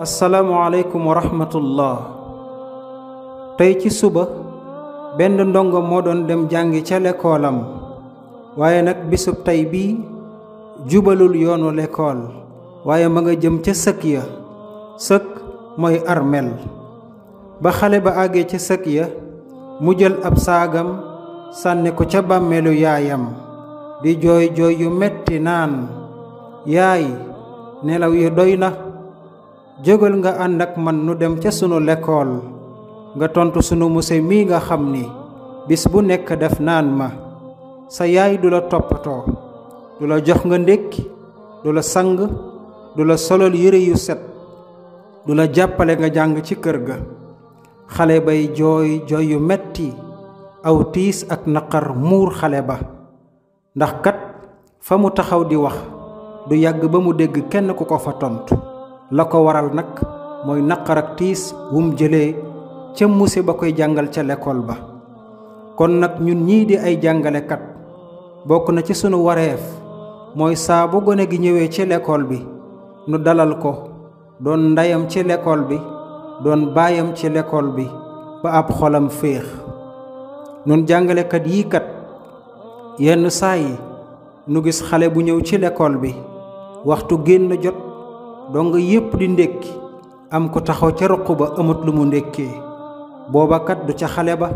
asalaamualeykum wa rahmatullah tey ci suba benn ndongo moo doon dem jàngi ca lekkoolam waaye nag bisub tey bii jubalul yoonu lekkool waaye ma nga jëm ca sëkk ya sëkk mooy armel ba xale ba àggee ca sëkk ya mu jël ab saagam sànni ko ca bàmmeelu yaayam di jooy jooy yu metti naan yaay nelaw yi doy na jógal nga ànd ak man nu dem ca sunu lekkool nga tontu sunu muse mii nga xam ni bis bu nekk def naan ma sa yaay du la toppatoo du la jox nga ndékki du la sang du solol yére yu set du la nga jàng ci kër ga xale bay yu metti aw ak naqar mur xale ba ndax kat fa taxaw di wax du ba mu kenn ku ko fa tontu la ko waral nag mooy naqar ak tiis wum jëlee ca muse ba koy jàngal ca lekkool ba kon nag ñun ñii di ay jàngalekat bokk na ci sunu wareef mooy saa bu gone gi ñëwee ci lekkool bi nu dalal ko doon ndeyam ci lekkool bi doon baayam ci lekkool bi ba ab xolam féex nun jàngalekat yii kat yenn saa yi nu gis xale bu ñëw ci lekkool bi waxtu génn jot dong yépp di ndékki am ko taxaw ca ruq ba amut lu mu ndékkee boobakat du ca xale ba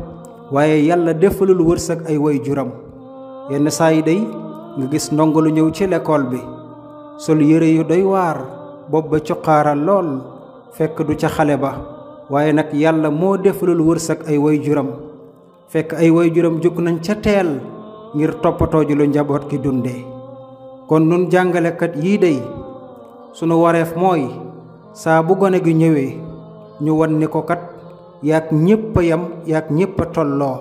waaye yàlla defalul wërsëg ay way juram yenn saa yi day nga gis ndongo lu ñëw ci lekkool bi sol yére yu doy waar bopp ba cuqaara lool fekk du ca xale ba waaye nag yàlla moo defalul wërsëg ay woy juram fekk ay woy juram jóg nañ ca teel ngir toppatoo ji lu njaboot gi dunde kon nun jàngalekat yii day sunu wareef mooy saa bu gone gi ñëwee ñu wan ni ko kat yaag ñépp a yam yaag ñépp a tolloo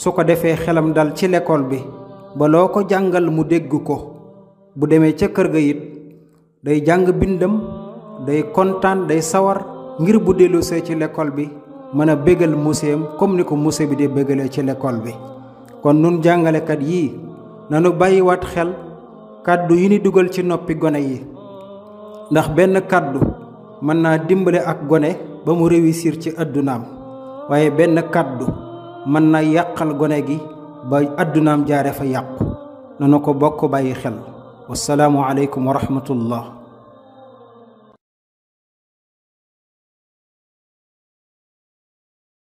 su ko defee xelam dal ci lekkool bi ba loo ko jàngal mu dégg ko bu demee ca kër ga it day jàng bindam day kontaan day sawar ngir bu dellusee ci lekkool bi mën a bégal museem comme ni ko muse bi di bégalee ci lekkool bi kon nun jàngalekat yii nanu bàyyiwaat xel kàddu yi nu dugal ci noppi gone yi ndax benn kàddu mën naa dimbale ak gone ba mu réussir ci addunaam waaye benn kàddu mën naa yàqal gone gi ba addunaam jaare fa yàqu na ko bokk bàyyi xel wasalaamu aleykum wa